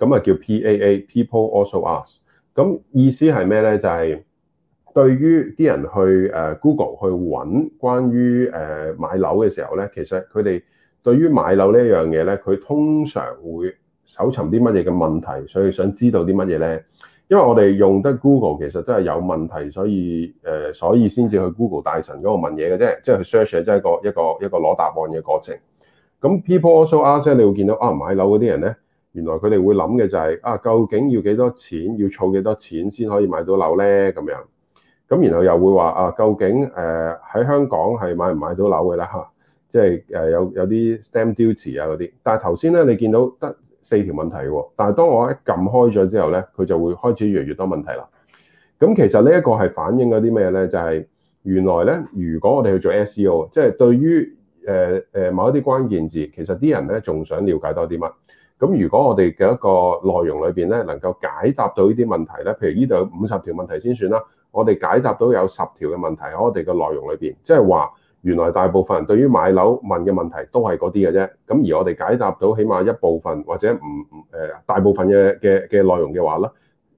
咁啊叫 PAA，People Also Ask。咁意思係咩咧？就係對於啲人去誒 Google 去揾關於誒買樓嘅時候咧，其實佢哋對於買樓呢一樣嘢咧，佢通常會搜尋啲乜嘢嘅問題，所以想知道啲乜嘢咧？因為我哋用得 Google 其實都係有問題，所以誒，所以先至去 Google 大神嗰度問嘢嘅啫，即係 search 即係一個一個一個攞答案嘅過程。咁 People Also Ask 你會見到啊買樓嗰啲人咧。原來佢哋會諗嘅就係、是、啊，究竟要幾多錢，要儲幾多錢先可以買到樓咧？咁樣咁，然後又會話啊，究竟誒喺、呃、香港係買唔買到樓嘅咧？嚇、啊，即係誒、呃、有有啲 stamp duty 啊嗰啲。但係頭先咧，你見到得四條問題喎、啊。但係當我一撳開咗之後咧，佢就會開始越嚟越多問題啦。咁其實呢一個係反映咗啲咩咧？就係、是、原來咧，如果我哋去做 SEO，即係對於誒誒某一啲關鍵字，其實啲人咧仲想了解多啲乜？咁如果我哋嘅一個內容裏邊咧，能夠解答到呢啲問題咧，譬如呢度有五十條問題先算啦，我哋解答到有十條嘅問題，喺我哋嘅內容裏邊，即係話原來大部分人對於買樓問嘅問題都係嗰啲嘅啫。咁而我哋解答到起碼一部分或者唔唔、呃、大部分嘅嘅嘅內容嘅話咧，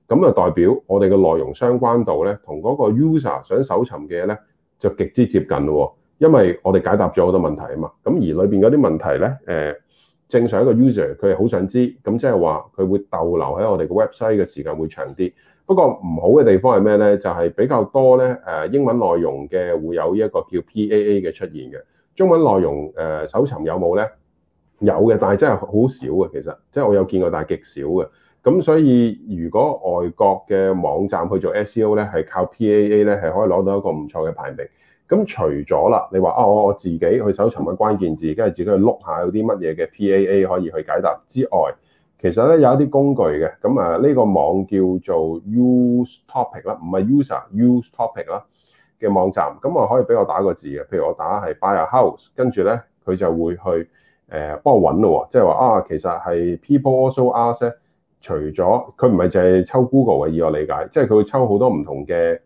咁啊代表我哋嘅內容相關度咧，同嗰個 user 想搜尋嘅嘢咧就極之接近喎，因為我哋解答咗好多問題啊嘛。咁而裏邊嗰啲問題咧，誒、呃。正常一個 user 佢好想知，咁即係話佢會逗留喺我哋個 website 嘅時間會長啲。不過唔好嘅地方係咩咧？就係、是、比較多咧誒英文內容嘅會有呢一個叫 PAA 嘅出現嘅。中文內容誒、呃、搜尋有冇咧？有嘅，但係真係好少嘅。其實即係我有見過，但係極少嘅。咁所以如果外國嘅網站去做 SEO 咧，係靠 PAA 咧，係可以攞到一個唔錯嘅排名。咁除咗啦，你話啊，我我自己去搜尋嘅關鍵字，跟住自己去碌下有啲乜嘢嘅 PAA 可以去解答之外，其實咧有一啲工具嘅，咁啊呢個網叫做 Use Topic 啦，唔係 User Use Topic 啦嘅網站，咁啊可以俾我打個字嘅，譬如我打係 Buy a house，跟住咧佢就會去誒、呃、幫我揾咯、哦，即係話啊，其實係 People Also Ask 咧，除咗佢唔係淨係抽 Google 嘅，以我理解，即係佢會抽好多唔同嘅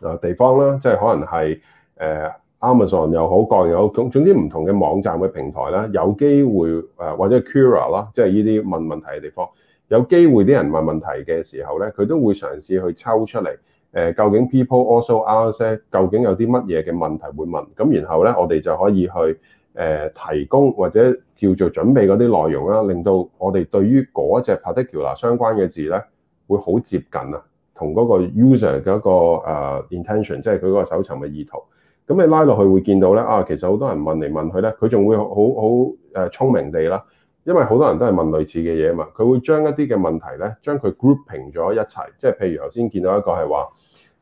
啊地方啦，即係可能係。誒 Amazon 又好，Google 又好，總總之唔同嘅網站嘅平台啦，有機會誒或者 Quora 啦，即係呢啲問問題嘅地方，有機會啲人問問題嘅時候咧，佢都會嘗試去抽出嚟，誒究竟 People Also Ask 究竟有啲乜嘢嘅問題會問，咁然後咧我哋就可以去誒提供或者叫做準備嗰啲內容啦，令到我哋對於嗰隻 particular 相關嘅字咧，會好接近啊，同嗰個 user 嘅一個誒 intention，即係佢嗰個搜尋嘅意圖。咁你拉落去會見到咧啊，其實好多人問嚟問去咧，佢仲會好好誒聰明地啦，因為好多人都係問類似嘅嘢啊嘛。佢會將一啲嘅問題咧，將佢 grouping 咗一齊，即係譬如頭先見到一個係話，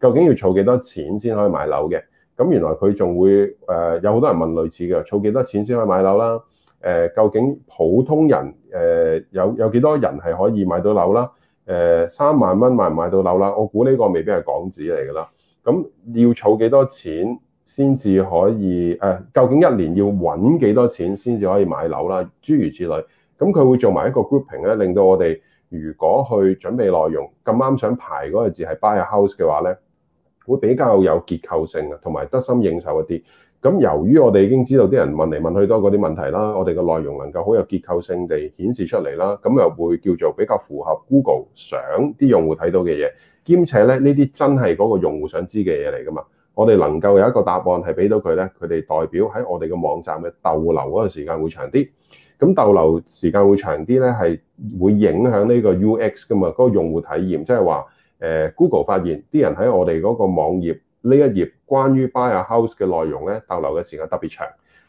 究竟要儲幾多錢先可以買樓嘅？咁原來佢仲會誒、呃、有好多人問類似嘅，儲幾多錢先可以買樓啦？誒、呃，究竟普通人誒、呃、有有幾多人係可以買到樓啦？誒、呃，三萬蚊買唔買到樓啦？我估呢個未必係港紙嚟㗎啦。咁要儲幾多錢？先至可以誒、啊，究竟一年要揾幾多錢先至可以買樓啦？諸如此類，咁佢會做埋一個 grouping 咧，令到我哋如果去準備內容咁啱想排嗰個字係 buy a house 嘅話咧，會比較有結構性啊，同埋得心應手一啲。咁由於我哋已經知道啲人問嚟問去多嗰啲問題啦，我哋嘅內容能夠好有結構性地顯示出嚟啦，咁又會叫做比較符合 Google 想啲用戶睇到嘅嘢，兼且咧呢啲真係嗰個用戶想知嘅嘢嚟㗎嘛。我哋能夠有一個答案係俾到佢咧，佢哋代表喺我哋嘅網站嘅逗留嗰個時間會長啲，咁逗留時間會長啲咧，係會影響呢個 UX 噶嘛，嗰個用戶體驗，即係話誒 Google 發現啲人喺我哋嗰個網頁呢一頁關於 Buy a House 嘅內容咧逗留嘅時間特別長，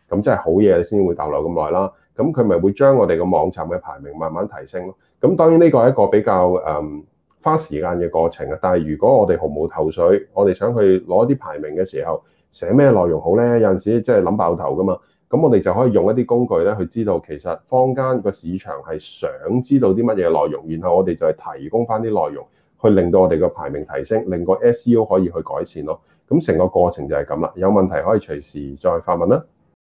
咁即係好嘢先會逗留咁耐啦，咁佢咪會將我哋個網站嘅排名慢慢提升咯，咁當然呢個係一個比較誒，嗯花時間嘅過程啊，但係如果我哋毫無頭緒，我哋想去攞啲排名嘅時候，寫咩內容好呢？有陣時真係諗爆頭噶嘛，咁我哋就可以用一啲工具咧，去知道其實坊間個市場係想知道啲乜嘢內容，然後我哋就係提供翻啲內容，去令到我哋個排名提升，令個 SEO 可以去改善咯。咁成個過程就係咁啦，有問題可以隨時再發問啦。